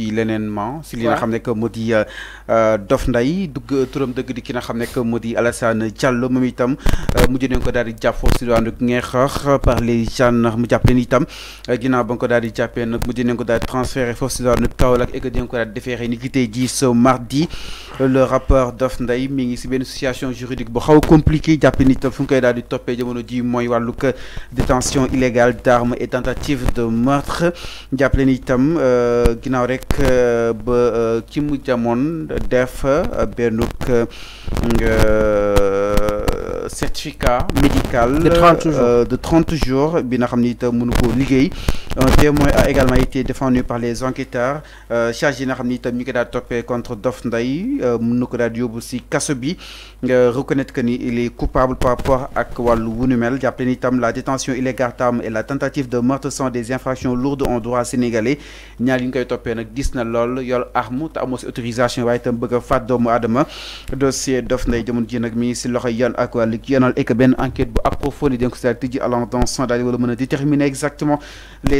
ci leneen ma si li nga xam ne que moo di euh, Dof Nday dugg turam dëgg di ki nga xam ne que moo di Alassane Diallo moom itam euh, mujj nañ ko daal di jàpp foofu si diwaanu Ngexax par les gendarmes mu jàpp leen itam euh, ginnaaw ba nga ko daal di jàppee nag mujj nañ ko daal di transféré foofu si diwaanu Kaolack et que dinañ ko daal di déféré ni ki tey jii ce mardi le rappeur Dof Nday mi ngi si benn situation juridique bu xaw a compliqué jàpp ni itam fu ñu koy daal di toppee jamono ji mooy que détention illégale d'armes et tentative de meurtre jàpp leen itam ginnaaw rek rek euh, ba ki euh, mu jamoon def euh, bennuk certificat médical de 30 jours bi nga xam ni itam mënu ko liguey un témoin a également été défendu par les enquêteurs Chargé yi nga Topé contre Dof Ndeye euh, mun na ko euh, reconnaître que est coupable par rapport à wàllu wunu mel ni la détention illégale d'armes et la tentative de meurtre sont des infractions lourdes en droit sénégalais Nyalinka Topé, ñu koy toppee nag gis na lool autorisation waaye itam bëgg Le dossier Dof Ndeye jamono ji nag mi si loxo et que enquête bu approfondie dañ ko si daal tijji allant dans sans daal déterminer exactement les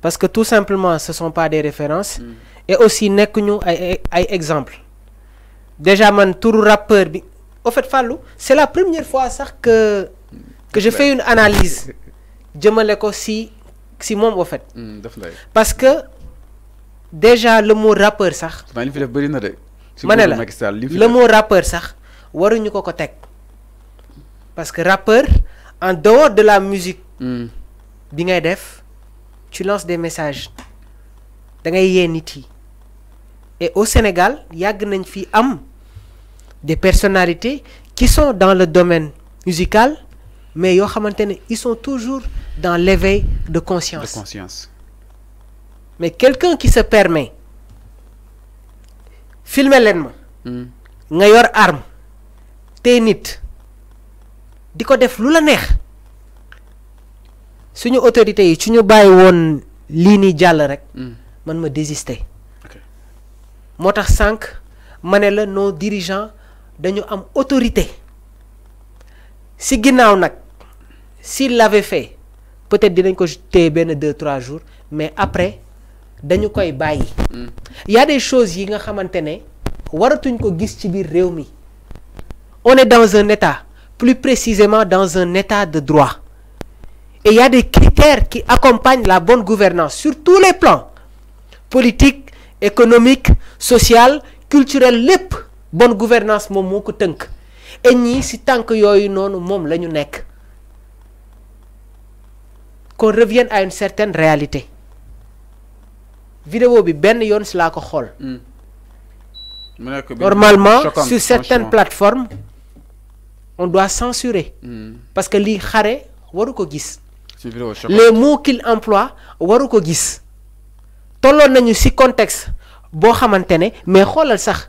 parce que tout simplement ce sont pas des références mm. et aussi nous ñu ay exemple déjà man tour rappeur au fait c'est la première fois que que je fais une analyse Je me si si au fait mm, parce que déjà le mot rappeur ça le mot rappeur sax waruñu ko ko tek parce que rappeur en dehors de la musique mm. bi def tu lances des messages da ngay des et au Sénégal il y a des personnalités qui sont dans le domaine musical mais ils sont toujours dans l'éveil de conscience. conscience mais quelqu'un qui se permet filmer leen ma. Hmm. nga yor arme de nit suñu autorité yi su ñu bàyyi woon lii nii jàll rek hmm. man ma désisté moo tax sànq ma ne la nos dirigeants dañu am autorité si ginnaaw nag s'il l'avait fait peut-être dinañ ko téye benn deux trois jours mais après dañu koy bàyyi hmm. y a des choses yi nga xamante ne waratuñ ko gis ci biir réew mi on est dans un état plus précisément dans un état de droit et il y a des critères qui accompagnent la bonne gouvernance sur tous les plans. Politique, économique, social, culturel, bonne gouvernance mon que Et nous, si tant que nous sommes la nek. Qu'on revienne à une certaine réalité. vidéo bi ben si hmm. normalement sur certaines plateformes on doit censurer. Hmm. parce que li xare waru ko les mots qu'il emploie waru ko gis tolon nañu ci contexte bo xamantene mais xolal sax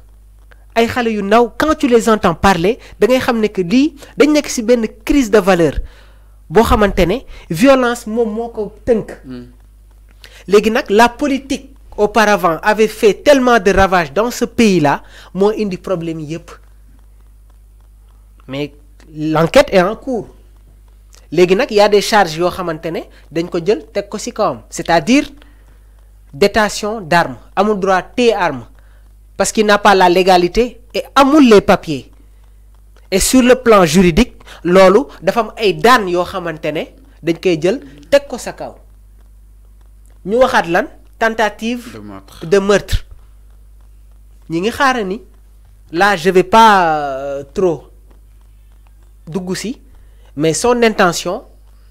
ay xalé yu naw quand tu les entends parler da ngay xam que li dañ nek ci crise de valeur bo xamantene violence mom moko teunk hmm. légui nak la politique auparavant avait fait tellement de ravages dans ce pays là mo indi problème yépp mais l'enquête est en cours léegi il y a des charges yo xamantene dañ ko jël c'est-à-dire détention d'armes amul droit té parce qu'il n'a pas la légalité et amul les papiers et sur le plan juridique lolu dafa am ay dan yo xamantene dañ koy jël tek ko sa kaw ñu tentative de meurtre ñi ngi là je vais pas euh, trop dugg mais son intention,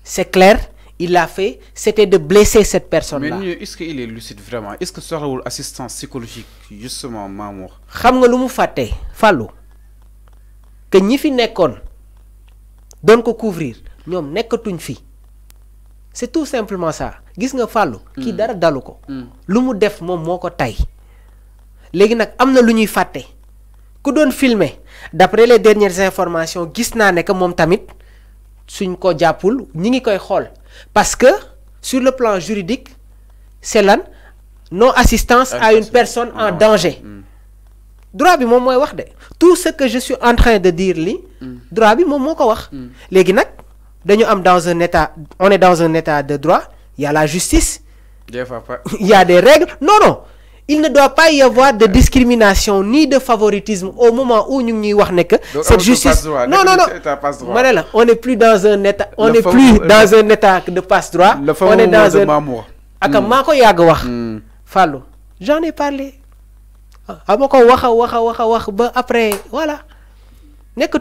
c'est clair, il l'a fait, c'était de blesser cette personne-là. Mais est-ce qu'il est lucide vraiment Est-ce que ce sera une assistance psychologique, justement, Mamour Je sais ce que Fallou, que ñi fi nekkoon doon ko couvrir ñoom nekkatuñ fi c'est tout simplement ça gis nga fàllu hmm. kii dara dalu ko hmm. lu mu def moom moo ko tay léegi nag am na lu fait. Qui ku doon filmer d'après les dernières informations gis naa ne que moom tamit suñ ko ñi parce que sur le plan juridique c'est lan non assistance à une personne en danger mm. droit bi tout ce que je suis en train de dire li mm. droit bi moom wax mm. dañu dans un état on est dans un état de droit il y a la justice il y a des règles non non il ne doit pas y avoir de discrimination ni de favoritisme au moment où nous nous ñuy que cette euh, justice non non non on n'est plus dans un état on n'est plus euh, dans un état de passe droit on est dans un hmm. hmm. j'en ai parlé Avant ah, qu'on wax a wax wax ba après voilà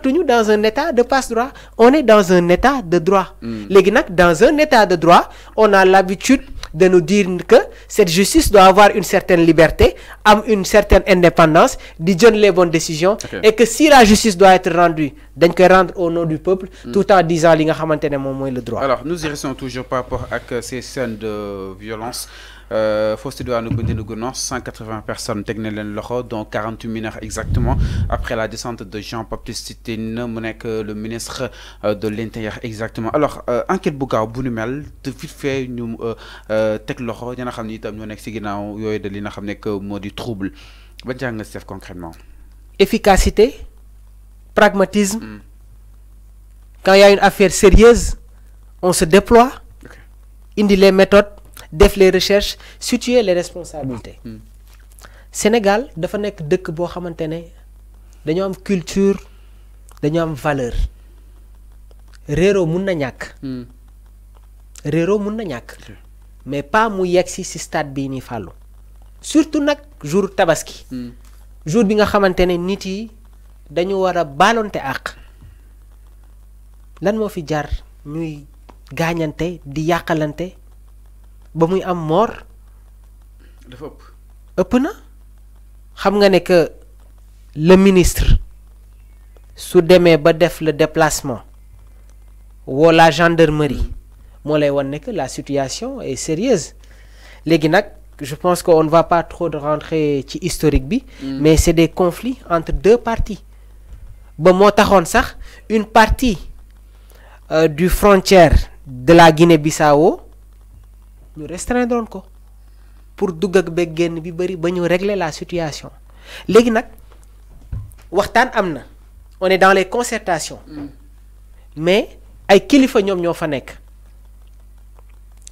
tuñu dans un état de passe droit on est dans un état de droit hmm. légui nak dans un état de droit on a l'habitude de nous dire que cette justice doit avoir une certaine liberté, une certaine indépendance, de donner les bonnes décisions et que si la justice doit être rendue, donc rendre au nom du peuple hmm. tout en disant que nga le droit. Alors nous y restons toujours par rapport à ces scènes de violence. Faut si diwaanu comité de gouvernance 180 personnes teg na loxo dont 48 mineurs exactement après la descente de Jean Baptiste Tine le ministre euh, de l'intérieur exactement alors euh, enquête bu gaaw bu nu mel te vite fait ñu euh, tech loxo ñi nga xam ne itam ñoo nekk si ginnaaw de li nga xam nekk moo di trouble ba jàng nga concrètement efficacité pragmatisme mm. quand il y a une affaire sérieuse on se déploie indi les méthodes def les recherches situer les responsabilités. Hmm. Sénégal dafa nek dëkk bo xamantene dañu am culture dañu am valeur Réro mun na réro réeroo mun na hmm. mais pas mu yexi si si stade bi ni fallu. surtout nak jour tabaski. Hmm. jour bi nga xamantene nit yi dañu wara a ak lan mo fi jar ñuy di ba muy am moor. dafa ëpp. ëpp na xam nga ne que le ministre su demee ba def le déplacement woo la gendarmerie moo lay wan ne que la situation est sérieuse léegi nag je pense que on ne va pas trop de rentrer ci historique bi. Mm. mais c'est des conflits entre deux parties. ba moo taxoon sax une partie euh, du frontière de la Guinée-Bissau ñu restreindre ko pour dugg ak beeg génn bi bëri ba ñu régler la situation léegi nag waxtaan am na on est dans les concertations mm. mais ay kilifa ñoom ñoo fa nekk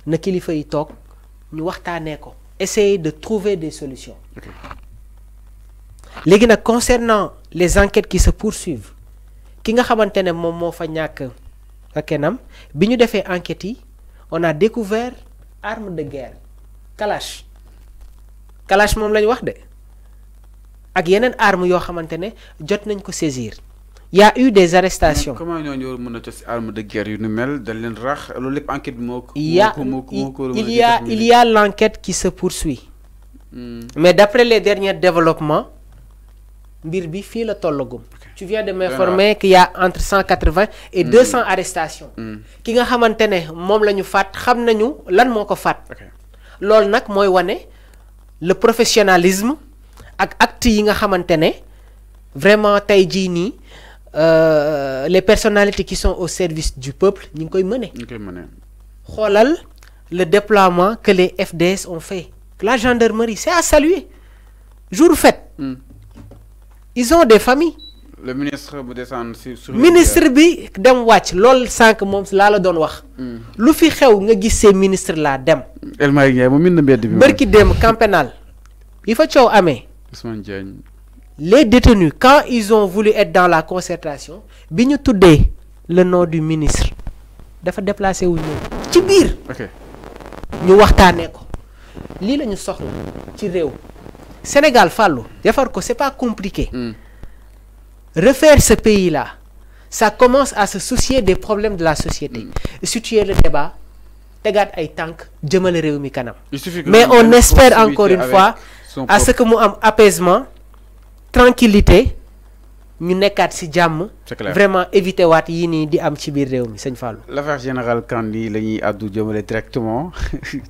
na kilifa yi toog ñu waxtaanee ko essayer de trouver des solutions léegi nag concernant les enquêtes qui se poursuivent ki nga xamante ne moom moo fa ñàkk bakkanam bi ñu defee enquêtes yi on a découvert arme de guerre kalash kalash moom lañ wax de ak yeneen arme yoo xamante ne jot nañ ko saisir y a eu des arrestations. comment ñooñu mën a jot arme de guerre yu nu mel dañ leen rax loolu lépp enquête bi moo ko. moo ko il y a il y a l'enquête qui se poursuit. Hmm. mais d'après les derniers développements bi la tu viens de m'informer qu'il y a entre 180 et mm. deux cents arrestations. Mm. ki nga xamantene mom lañu fat, ñu xam nañu lan moko fat. Lool nak moy mooy que le professionnalisme ak actes yi nga xamantene ne vraiment ni euh, les personnalités qui sont au service du peuple nous ngi koy mené. ñu koy le déploiement que les FDS ont fait la gendarmerie c'est à saluer jour fête. Mm ils ont des familles. le ministre bu descendre sur ministre bi dem watch l'ol sank mom la la don wax. Hmm. lu fi xew nga gis ministre là dem. El Malick Ndiaye moom mën na mbedd bi. barki dem camp pénal yi fa coow Ousmane Diagne. les détenus quand ils ont voulu être dans la concertation biñu tuddé le nom du ministre dafa déplacé wu ñëw ci biir. ñu waxtané ko Li lañu ñu soxla ci réew. Sénégal il faut ko c'est pas compliqué hmm. refaire ce pays là ça commence à se soucier des problèmes de la société hmm. tu es le débat tu tegaat un tank, tu réew mi kanam mais on espère encore une fois à ce que nous am apaisement tranquillité ñu nekkaat ci jàmm vraiment éviter wat yi ni di am ci biir réew mi sëñ quand l'affaire générale Kandji directement